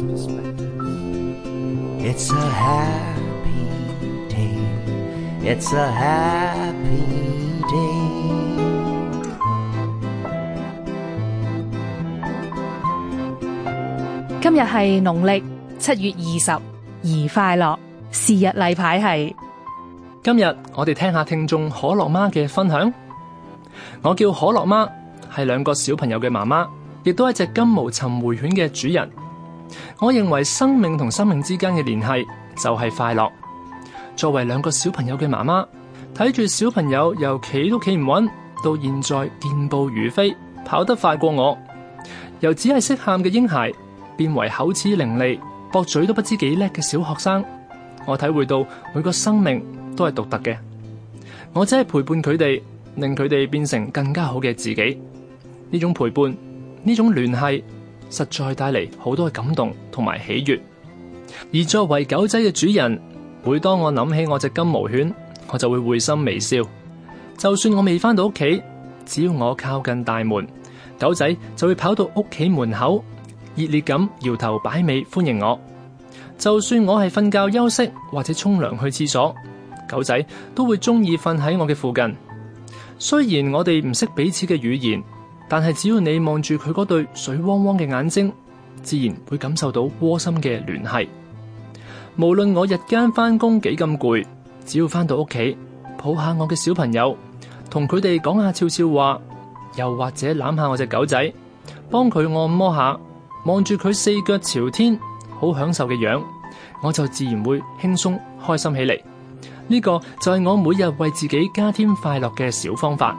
今日係農曆七月二十，而快樂日是日例牌係今日。我哋聽下聽眾可樂媽嘅分享。我叫可樂媽，係兩個小朋友嘅媽媽，亦都係隻金毛尋回犬嘅主人。我認為生命同生命之間嘅聯繫就係快樂。作為兩個小朋友嘅媽媽，睇住小朋友由企都企唔穩，到現在健步如飛，跑得快過我，由只係識喊嘅嬰孩，變為口齒伶俐、駁嘴都不知幾叻嘅小學生，我體會到每個生命都係獨特嘅。我只係陪伴佢哋，令佢哋變成更加好嘅自己。呢種陪伴，呢種聯繫。實在帶嚟好多嘅感動同埋喜悅，而作為狗仔嘅主人，每當我諗起我隻金毛犬，我就會會心微笑。就算我未返到屋企，只要我靠近大門，狗仔就會跑到屋企門口，熱烈咁搖頭擺尾歡迎我。就算我係瞓覺休息或者沖涼去廁所，狗仔都會中意瞓喺我嘅附近。雖然我哋唔識彼此嘅語言。但係只要你望住佢嗰對水汪汪嘅眼睛，自然會感受到窩心嘅聯繫。無論我日間翻工幾咁攰，只要翻到屋企，抱下我嘅小朋友，同佢哋講下悄悄話，又或者攬下我隻狗仔，幫佢按摩下，望住佢四腳朝天好享受嘅樣，我就自然會輕鬆開心起嚟。呢個就係我每日為自己加添快樂嘅小方法。